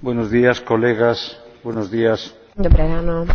Buenos días, kolegas. Buenos días. Dobré ráno,